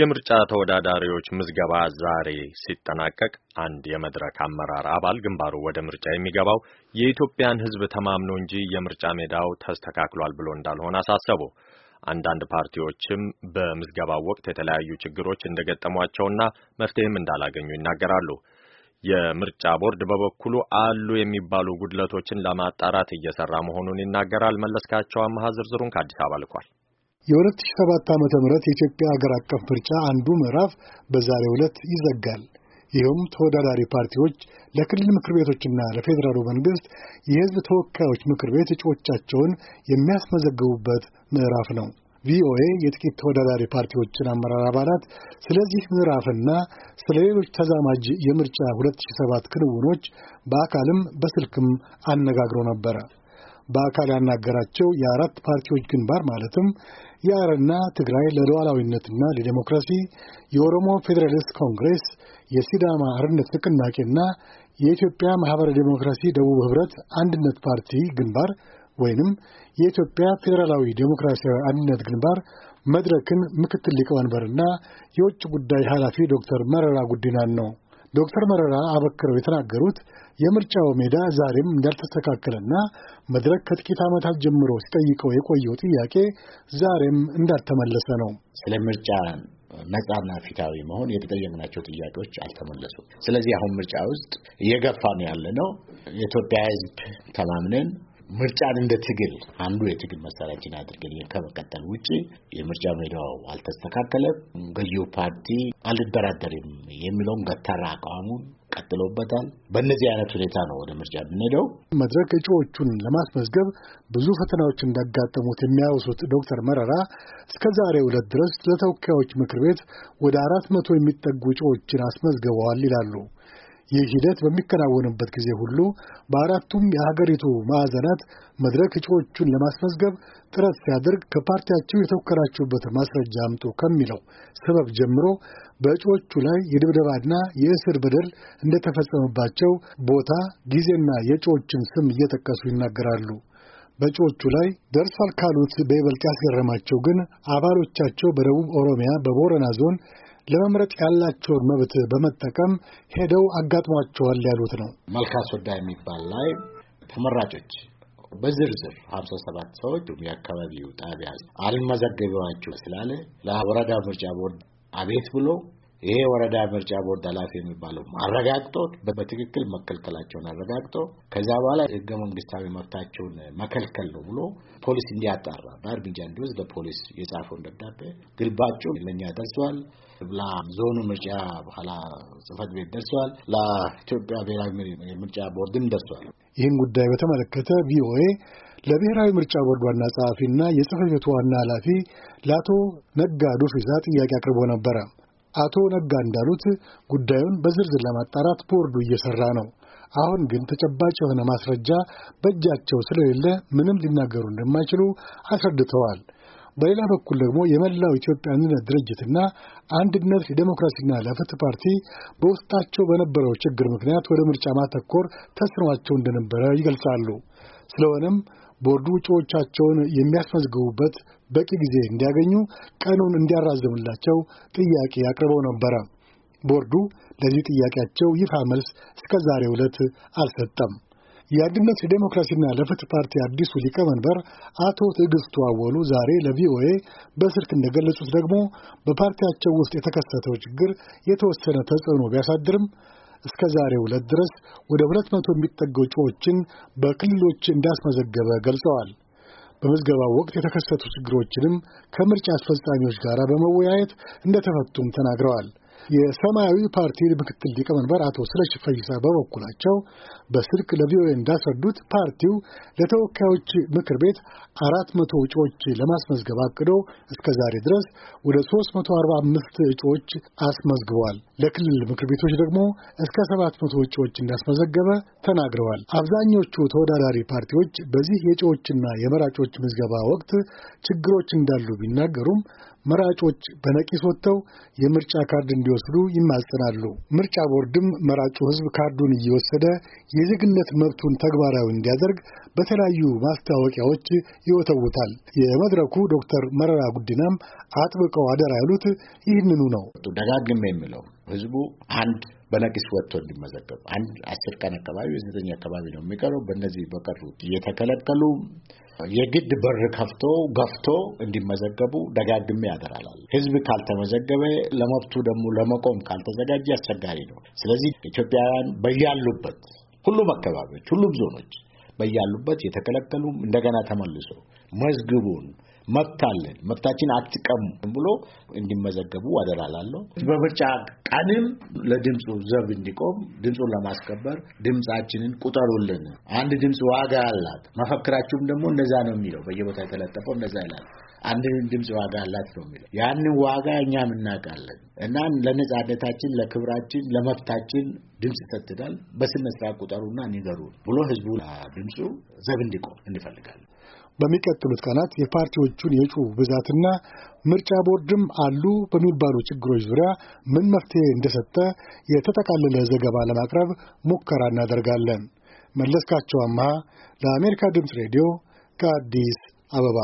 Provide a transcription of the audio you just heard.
የምርጫ ተወዳዳሪዎች ምዝገባ ዛሬ ሲጠናቀቅ አንድ የመድረክ አመራር አባል ግንባሩ ወደ ምርጫ የሚገባው የኢትዮጵያን ሕዝብ ተማምኖ እንጂ የምርጫ ሜዳው ተስተካክሏል ብሎ እንዳልሆነ አሳሰቡ። አንዳንድ ፓርቲዎችም በምዝገባው ወቅት የተለያዩ ችግሮች እንደገጠሟቸውና መፍትሄም እንዳላገኙ ይናገራሉ። የምርጫ ቦርድ በበኩሉ አሉ የሚባሉ ጉድለቶችን ለማጣራት እየሰራ መሆኑን ይናገራል። መለስካቸው አማሃ ዝርዝሩን ከአዲስ አበባ ልኳል። የ2007 ዓ ም የኢትዮጵያ ሀገር አቀፍ ምርጫ አንዱ ምዕራፍ በዛሬው ዕለት ይዘጋል። ይህም ተወዳዳሪ ፓርቲዎች ለክልል ምክር ቤቶችና ለፌዴራሉ መንግስት የህዝብ ተወካዮች ምክር ቤት እጩዎቻቸውን የሚያስመዘግቡበት ምዕራፍ ነው። ቪኦኤ የጥቂት ተወዳዳሪ ፓርቲዎችን አመራር አባላት ስለዚህ ምዕራፍና ስለ ሌሎች ተዛማጅ የምርጫ 2007 ክንውኖች በአካልም በስልክም አነጋግሮ ነበረ። በአካል ያናገራቸው የአራት ፓርቲዎች ግንባር ማለትም የአረና ትግራይ ለሉዓላዊነትና ለዲሞክራሲ፣ የኦሮሞ ፌዴራሊስት ኮንግሬስ፣ የሲዳማ አርነት ንቅናቄና የኢትዮጵያ ማኅበረ ዲሞክራሲ ደቡብ ኅብረት አንድነት ፓርቲ ግንባር ወይንም የኢትዮጵያ ፌዴራላዊ ዴሞክራሲያዊ አንድነት ግንባር መድረክን ምክትል ሊቀመንበርና የውጭ ጉዳይ ኃላፊ ዶክተር መረራ ጉዲናን ነው። ዶክተር መረራ አበክረው የተናገሩት የምርጫው ሜዳ ዛሬም እንዳልተስተካከለና መድረክ ከጥቂት ዓመታት ጀምሮ ሲጠይቀው የቆየው ጥያቄ ዛሬም እንዳልተመለሰ ነው። ስለ ምርጫ ነጻና ፊታዊ መሆን የተጠየቅናቸው ጥያቄዎች አልተመለሱም። ስለዚህ አሁን ምርጫ ውስጥ እየገፋ ነው ያለ ነው። የኢትዮጵያ ሕዝብ ተማምነን ምርጫን እንደ ትግል አንዱ የትግል መሳሪያችን አድርገን ከመቀጠል ውጭ የምርጫ ሜዳው አልተስተካከለም። ገዢው ፓርቲ አልደራደርም የሚለውን ገታራ አቋሙን ቀጥሎበታል። በእነዚህ አይነት ሁኔታ ነው ወደ ምርጫ የምንሄደው። መድረክ እጩዎቹን ለማስመዝገብ ብዙ ፈተናዎች እንዳጋጠሙት የሚያወሱት ዶክተር መረራ እስከ ዛሬ ዕለት ድረስ ለተወካዮች ምክር ቤት ወደ አራት መቶ የሚጠጉ እጩዎችን አስመዝግበዋል ይላሉ። ይህ ሂደት በሚከናወንበት ጊዜ ሁሉ በአራቱም የሀገሪቱ ማዕዘናት መድረክ እጩዎቹን ለማስመዝገብ ጥረት ሲያደርግ ከፓርቲያቸው የተወከላችሁበትን ማስረጃ አምጡ ከሚለው ሰበብ ጀምሮ በእጩዎቹ ላይ የድብደባና የእስር በደል እንደተፈጸመባቸው ቦታ፣ ጊዜና የእጩዎችን ስም እየጠቀሱ ይናገራሉ። በእጩዎቹ ላይ ደርሷል ካሉት በይበልጥ ያስገረማቸው ግን አባሎቻቸው በደቡብ ኦሮሚያ በቦረና ዞን ለመምረጥ ያላቸውን መብት በመጠቀም ሄደው አጋጥሟቸዋል ያሉት ነው። መልካ ሶዳ የሚባል ላይ ተመራጮች በዝርዝር ሀምሳ ሰባት ሰዎች የአካባቢው ጣቢያ አልመዘገቢዋቸው ስላለ ለወረዳ ምርጫ ቦርድ አቤት ብሎ ይሄ ወረዳ ምርጫ ቦርድ ኃላፊ የሚባለው አረጋግጦ በትክክል መከልከላቸውን አረጋግጦ ከዛ በኋላ ህገ መንግስታዊ መብታቸውን መከልከል ነው ብሎ ፖሊስ እንዲያጣራ በእርምጃ እንዲወስድ ለፖሊስ የጻፈውን ደብዳቤ ግልባጩ ለእኛ ደርሷል። ለዞኑ ምርጫ በኋላ ጽህፈት ቤት ደርሷል። ለኢትዮጵያ ብሔራዊ ምርጫ ቦርድም ደርሷል። ይህን ጉዳይ በተመለከተ ቪኦኤ ለብሔራዊ ምርጫ ቦርድ ዋና ጸሐፊና የጽህፈት ቤቱ ዋና ኃላፊ ለአቶ ነጋ ዱፊሳ ጥያቄ አቅርቦ ነበረ። አቶ ነጋ እንዳሉት ጉዳዩን በዝርዝር ለማጣራት ቦርዱ እየሰራ ነው። አሁን ግን ተጨባጭ የሆነ ማስረጃ በእጃቸው ስለሌለ ምንም ሊናገሩ እንደማይችሉ አስረድተዋል። በሌላ በኩል ደግሞ የመላው ኢትዮጵያ አንድነት ድርጅትና አንድነት ዲሞክራሲና ለፍትህ ፓርቲ በውስጣቸው በነበረው ችግር ምክንያት ወደ ምርጫ ማተኮር ተስኗቸው እንደነበረ ይገልጻሉ። ስለሆነም ቦርዱ ውጪዎቻቸውን የሚያስመዝግቡበት በቂ ጊዜ እንዲያገኙ ቀኑን እንዲያራዝምላቸው ጥያቄ አቅርበው ነበረ። ቦርዱ ለዚህ ጥያቄያቸው ይፋ መልስ እስከ ዛሬ ዕለት አልሰጠም። የአንድነት ለዴሞክራሲና ለፍትህ ፓርቲ አዲሱ ሊቀመንበር አቶ ትዕግስቱ አወሉ ዛሬ ለቪኦኤ በስልክ እንደገለጹት ደግሞ በፓርቲያቸው ውስጥ የተከሰተው ችግር የተወሰነ ተጽዕኖ ቢያሳድርም እስከ ዛሬ ዕለት ድረስ ወደ ሁለት መቶ የሚጠጉ እጩዎችን በክልሎች እንዳስመዘገበ ገልጸዋል። በምዝገባው ወቅት የተከሰቱ ችግሮችንም ከምርጫ አስፈጻሚዎች ጋር በመወያየት እንደተፈቱም ተናግረዋል። የሰማያዊ ፓርቲ ምክትል ሊቀመንበር አቶ ስለሽ ፈይሳ በበኩላቸው በስልክ ለቪኦኤ እንዳስረዱት ፓርቲው ለተወካዮች ምክር ቤት አራት መቶ እጩዎች ለማስመዝገብ አቅዶ እስከ ዛሬ ድረስ ወደ ሶስት መቶ አርባ አምስት እጩዎች አስመዝግቧል። ለክልል ምክር ቤቶች ደግሞ እስከ ሰባት መቶ እጩዎች እንዳስመዘገበ ተናግረዋል። አብዛኞቹ ተወዳዳሪ ፓርቲዎች በዚህ የእጩዎችና የመራጮች ምዝገባ ወቅት ችግሮች እንዳሉ ቢናገሩም መራጮች በነቂስ ወጥተው የምርጫ ካርድ እንዲወስዱ ይማጸናሉ። ምርጫ ቦርድም መራጩ ሕዝብ ካርዱን እየወሰደ የዜግነት መብቱን ተግባራዊ እንዲያደርግ በተለያዩ ማስታወቂያዎች ይወተውታል። የመድረኩ ዶክተር መረራ ጉዲናም አጥብቀው አደራ ያሉት ይህንኑ ነው። ደጋግሜ የሚለው ሕዝቡ አንድ በነቂስ ወጥቶ እንዲመዘገብ አንድ አስር ቀን አካባቢ ዘጠኝ አካባቢ ነው የሚቀረው። በእነዚህ በቀሩት እየተከለከሉ የግድ በር ከፍቶ ገፍቶ እንዲመዘገቡ ደጋግሜ ያደራላል። ህዝብ ካልተመዘገበ ለመብቱ ደግሞ ለመቆም ካልተዘጋጀ አስቸጋሪ ነው። ስለዚህ ኢትዮጵያውያን በያሉበት ሁሉም አካባቢዎች፣ ሁሉም ዞኖች በያሉበት የተከለከሉም እንደገና ተመልሶ መዝግቡን መብት አለን፣ መብታችን አትቀሙ ብሎ እንዲመዘገቡ አደራላለሁ። በምርጫ ቀንም ለድምፁ ዘብ እንዲቆም ድምፁን ለማስከበር ድምፃችንን ቁጠሩልን። አንድ ድምፅ ዋጋ አላት። መፈክራችሁም ደግሞ እንደዛ ነው የሚለው በየቦታ የተለጠፈው እንደዛ ይላል። አንድ ድምፅ ዋጋ አላት ነው የሚለው። ያንን ዋጋ እኛም እናውቃለን እና ለነጻነታችን፣ ለክብራችን፣ ለመብታችን ድምፅ ይሰትዳል። በስነ ስርዓት ቁጠሩና ንገሩ ብሎ ህዝቡ ድምፁ ዘብ እንዲቆም እንፈልጋለን። በሚቀጥሉት ቀናት የፓርቲዎቹን የእጩ ብዛትና ምርጫ ቦርድም አሉ በሚባሉ ችግሮች ዙሪያ ምን መፍትሄ እንደሰጠ የተጠቃለለ ዘገባ ለማቅረብ ሙከራ እናደርጋለን። መለስካቸው አምሃ ለአሜሪካ ድምፅ ሬዲዮ ከአዲስ አበባ